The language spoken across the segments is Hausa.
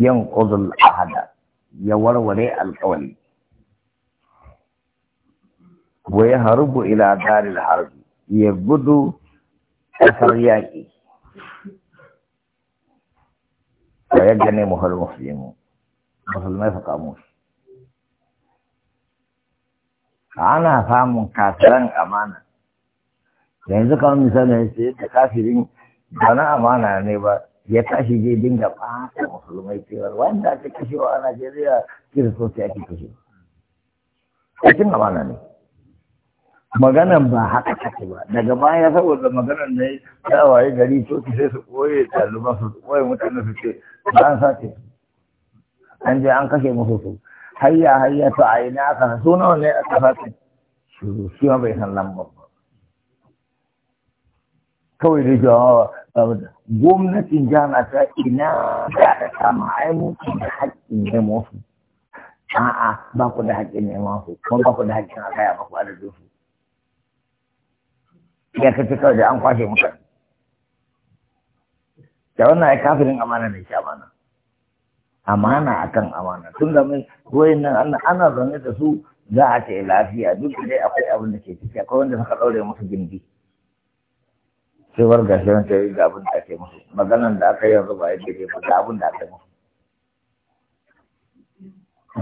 yan ƙuzul ahada ya warware alƙawari wa ya harubu ila daril harbi ya gudu ƙasar yaki. ba ya gane muhar musulmi musulmai su kamo shi ana samun kasiran amana yanzu misali ya sai da kafirin ba na amana ne ba ya tashi je dinga fata musulmai cewar wanda ake kashewa a Najeriya kiristoci ake kashewa. Cikin amana ne. Maganan ba haka take ba, daga baya saboda maganan ne ya waye gari coci sai su koye ɗaliban su koye mutane su ce ba an sace An je an kashe musu su. Hayya hayya to a na aka suna ne aka sace. Shi ma bai san lambar ba. kawai da jawawa ah, gwamnatin jana ta ina za ta samu ainihin da haƙƙin neman su a'a ba ku da haƙƙin neman su kuma ba ku da haƙƙin a kaya ba ku adadin su ya kace kawai da an kwashe muka da wannan ya kafirin amana ne shi amana amana akan amana tun da mai ruwayin nan ana zaune da su za a ce lafiya duk da dai akwai abin da ke ciki akwai wanda suka ɗaure musu gindi sai bar gashi nan ta yi da abin da ake musu maganan da aka yi yanzu ba yadda ke fita abin da aka musu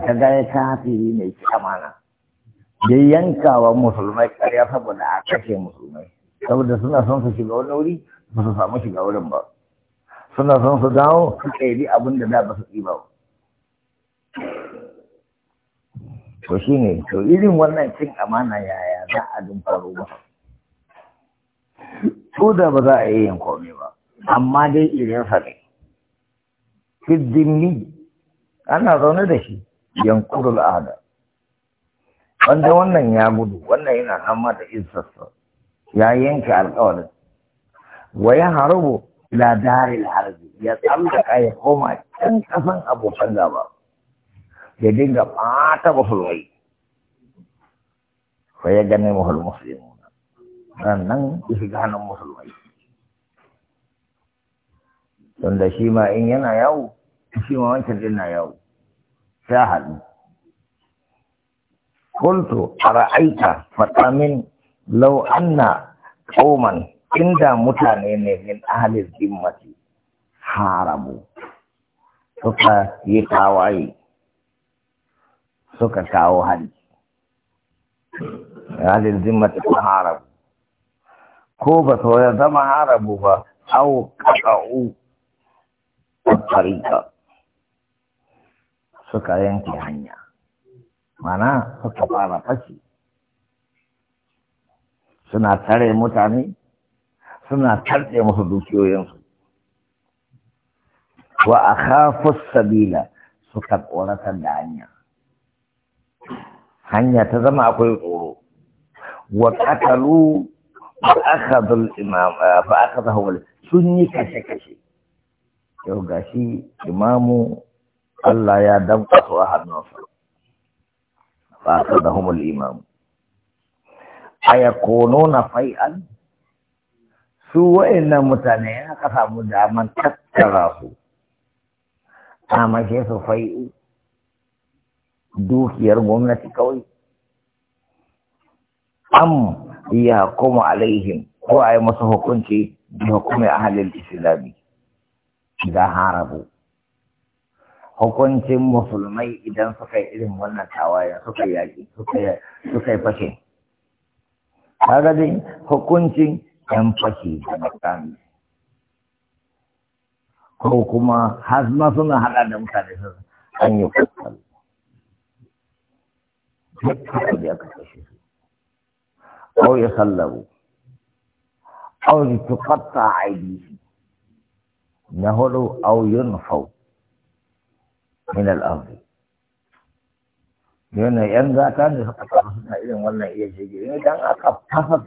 ka ga ya kafiri ne ki amana ya yanka wa musulmai ƙarya saboda a kashe musulmai saboda suna son su shiga wani wuri ba su samu shiga wurin ba suna son su dawo su ƙairi abin da da ba su ɗiba ba to shi ne to irin wannan cin amana yaya za a dumfaro ba su da ba za a yi yin komai ba amma dai irin sa ne fiddinni ana zaune da shi yankurul ada wanda wannan ya gudu wannan yana hamma da izzarsa ya yanke alkawarin wa ya harubu ila daril harbi ya tsallaka ya koma can kasan abokan gaba ya dinga ɓata musulmai fa ya gane muhul muslimun sannan ihganin musulmai tunda shi ma in yana yawo shi ma wancan din na yawo sha haɗu a ra'aita fatamin lau anna kauman inda mutane ne min ahli zimmati haramu suka yi tawaye suka kawo hari ahli zimmati haramu. ko ba su zama harabu ba au kaka'u tariqa suka yanke hanya mana suka fara fashi suna tare mutane suna tarɗe musu dukiyoyinsu wa a kafus sabila suka tsoratar da hanya hanya ta zama akwai tsoro wa katalu فأخذ الإمام sun yi kashe-kashe. yau ga shi imamu Allah ya damta su a hannunsa ba su da humul imamu a ya kono na fai'an su wa'innan mutane ya ka samu daman tattara su a mashe su fai'u dukiyar gwamnati kawai am ya kuma alaihim ko a yi masa hukunci bi hukumi halin islami idan harabu hukuncin musulmai idan suka yi irin wannan tawayen suka yaƙi suka yi fashe kaga hukuncin yan fashe da makami ko kuma hazma suna hada da mutane sun an yi kusur duk da aka kashe او يصلوا او تقطع ايديهم نهلوا او ينفوا من الارض لان ان ذاك ان تقطع ايديهم ولا يجي أنا كان اقطع فقط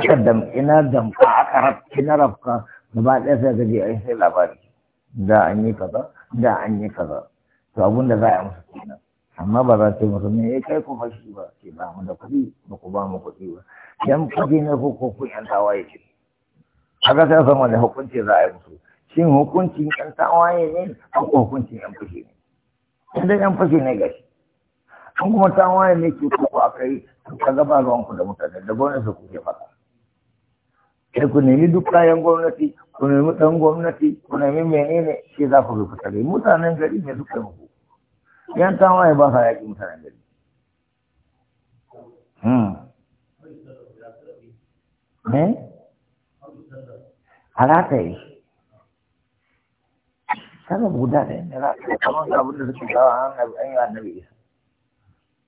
تقدم ان دم اقرب كنا ربك ما ليس ذي اي لا بارك ذا اني كذا ذا كذا فابن ذا amma ba za ta musu ne ya kai ku fashi ba ke ba mu da kuɗi ba ku ba mu kuɗi ba yan kuɗi ne ko ko kun yan tawaye ce haka sai san wani hukunci za a yi musu shin hukuncin yan tawaye ne ko hukuncin yan fashi ne inda yan fashi ne gashi kun kuma tawaye ne ke ku a kai ka gaba ku da mutane da gwamnati su kuke faɗa sai ku nemi duk kayan gwamnati ku nemi ɗan gwamnati ku nemi menene shi za ku fi fitare mutanen gari ne suka muku yan tawaye ba sa yaƙi mutanen gari hmm. eh alaka yi sana guda ɗaya ne za ka kamar da abin da suke kawo an yi annabi isa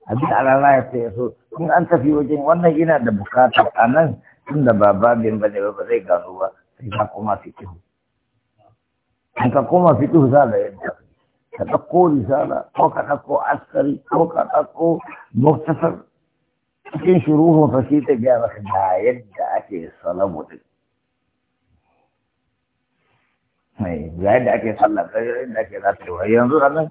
abin alala ya ce so in an tafi wajen wannan yana da bukata a nan tun da ba babin ba ne ba zai gano ba sai ka koma fikihu in ka koma fikihu za da yadda ka ɗauko risala ko ka ɗauko askari ko ka ɗauko muktasar cikin shuruhun fa sai ta gaya maka ga yadda ake salamu din ga yadda ake sallah ga yadda ake zatewa yanzu a nan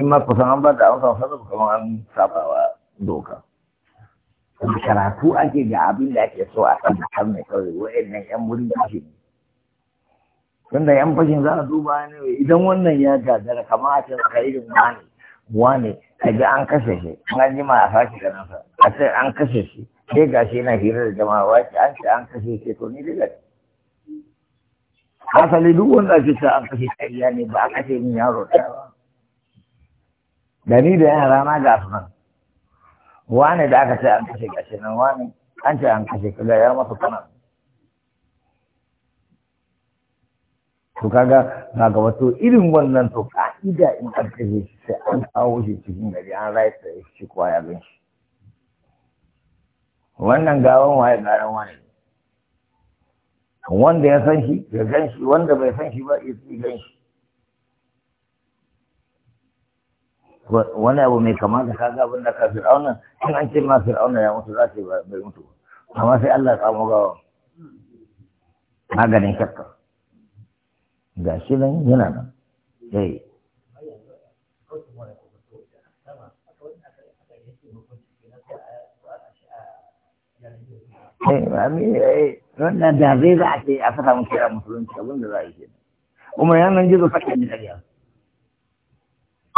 in ma kusan an ba da an samu sallah kamar an sabawa doka karatu ake ga abin da ake so a kan ne kawai wa'annan yan wurin ake ne tunda yan fashin za a duba ne idan wannan ya gagara kama a ce ka irin wani wani a ji an kashe shi an ji ma a fashi ga nasa, a ce an kashe shi sai ga shi yana hira da jama'a wai an ce an kashe shi to ni daga asali duk wanda ake ce an kashe shi ne ba a kashe ni yaro ɗaya ba da ni da yara na ga su nan wani da aka ce an kashe shi nan wani an ce an kashe ga ya masa kanan to kaga na ga wato irin wannan to ka'ida in an kaje shi sai an kawo shi cikin gari an rayar da shi kowa ya gan shi wannan gawan waye garan wani wanda ya san shi ya gan shi wanda bai san shi ba ya fi gan shi wani abu mai kama da kaga abin da ka fir'auna in an ce ma fir'auna ya mutu za ce bai mutu amma sai Allah ya samu gawa maganin shakka ga shi nan yana nan yayi eh. eh, eh, wannan da zai za a ce a saka mu kira musulunci abin da za a yi ke kuma yanan gizo sakin ni kariya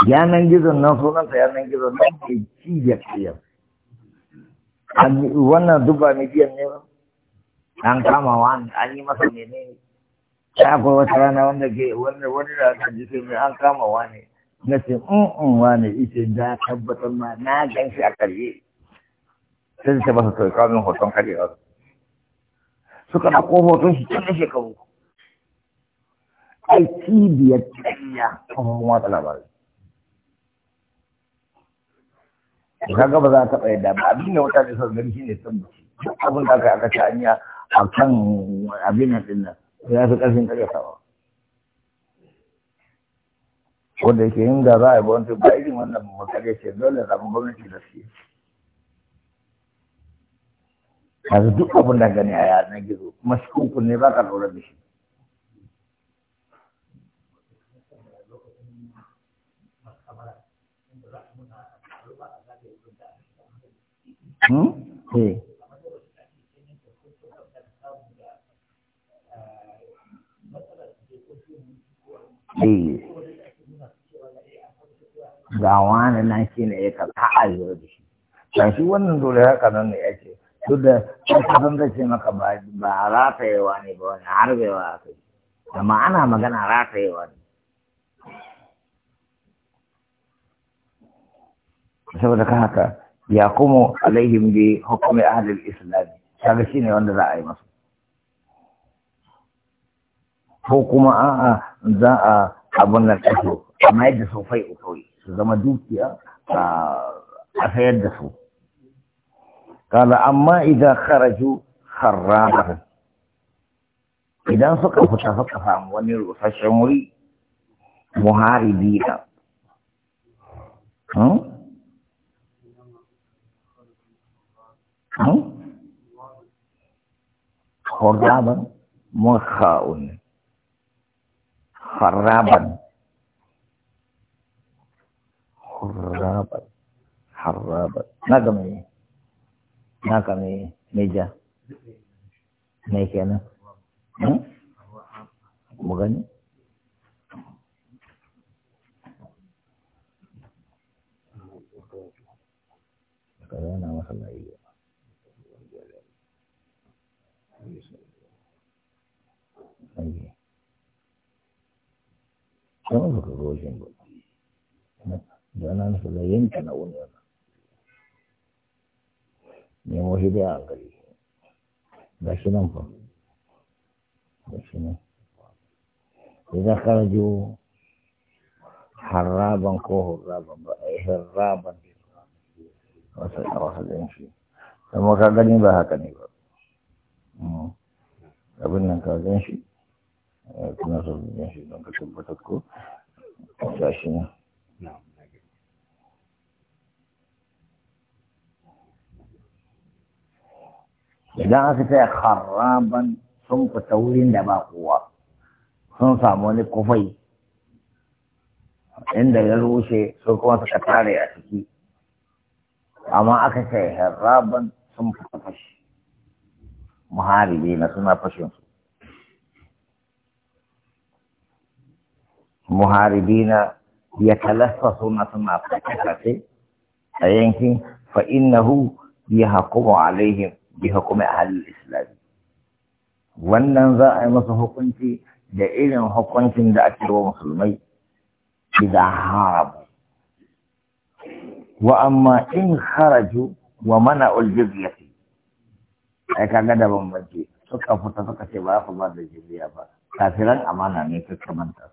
yanan gizo nan sunanta yanan gizo nan ke ci cibiyar kariya wannan duba ne biyan ne an kama wani an yi masa ne ne ta akwai wata rana wanda ke wani wani da aka ji sai mai an kama wani na ce un wani ita da tabbatar ma na gan shi a karye sai ta basu sai kawo min hoton karewa suka ko hoton shi tun da shekaru ai cibiyar a hukun watsa labarai ka ba za a taɓa yadda ba abin da mutane sun gani shine tabbaci abin da aka aka ta hanya a kan abin nan ɗin ya fi ƙarfin ƙarfafawa wanda yake yin da za a yi wani ba irin wannan mutane ce dole zaɓen gwamnati da su masu duk abin da gani a yanar gizo kunkun ne ba ka lura da shi Hmm? Hey. Eh. eh ga wani nan shi ne ya a yau da shi ga shi wannan dole haka nan ne ya ce duk da kasan da ce maka ba a ratayewa ne ba wani harbewa a kai amma ana magana ratayewa ne saboda ka haka ya kuma alaihim bi hukumi ahlul islam kaga ne wanda za a yi masa ko kuma a'a za a abin nan kaso amma yadda sau fai ukawai su zama dukiya a sayar da su kala amma idan kharaju kharrabar idan suka fita suka samu wani rusasshen wuri muharibi da hmm? hmm? Khordaban mukha'un haraban haraban haraban na ga mai na ga mai meja mai kenan hmm? mu gani masa kuma ba ka zo shi ba donan su zai yanka na wani yana nemo shi biya a gari ga shi nan fa ga shi nan idan karaju haraban ko hurraban ba a yi hurraban wasu a wasu ɗin shi kuma ka gani ba haka ne ba hmm. abin nan ka gan shi kuna son yin shi don ka tabbatar ko gashi nan idan aka ce haraban sun fita wurin da ba kowa sun samu wani kufai inda ya rushe sun kuma suka tare a ciki amma aka ce haraban sun fita fashi muharibi na suna fashin محاربين يتلفظون ثم أفتكفته أيينكي فإنه يحكم عليهم بحكم أهل الإسلام وأنا ذا أمس حكمتي دائما حكمتي من ذاكر ومسلمي إذا حاربوا وأما إن خرجوا ومنعوا الجزية أي كان هذا بمجي سكا فتا سكا سيبا أخذ الله الجزية فكافرا أمانا نيكي كمان تسكي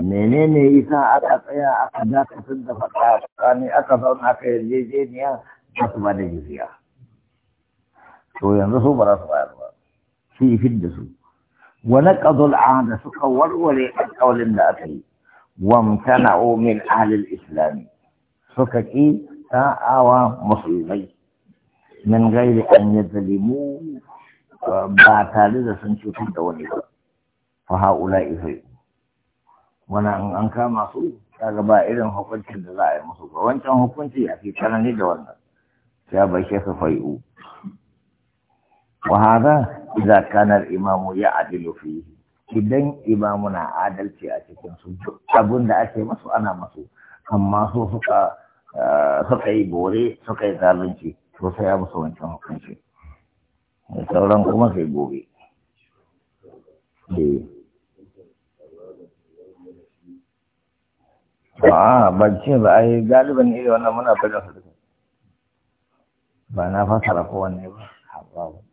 menene yasa aka tsaya aka dakatar da faɗa tsakani aka zauna aka yarjejeniya ba su ba da jizya to yanzu su ba za su bayar ba su yi fidda su wani ƙazul da suka warware alƙawalin da aka yi wamtana'u min ahlil islami suka ƙi ta'awa musulmai min gairi an yi zalimu ba tare da sun cutar da wani ba fa ha'ula ifai wana in an kama su kaga ba irin hukuncin da za a yi musu ba wancan hukunci a fi tsanani da wannan ya bai ke su fai'u wa hada idza kana al-imamu adilu fi idan imamu na adalci a cikin su abun da ake masu ana masu amma su suka eh, suka yi bore suka yi zalunci to sai ya musu wancan hukunci sauran kuma sai gobe eh. ba ban ce ba ai galiban iri wannan muna bada su ba na fasara ko wanne ba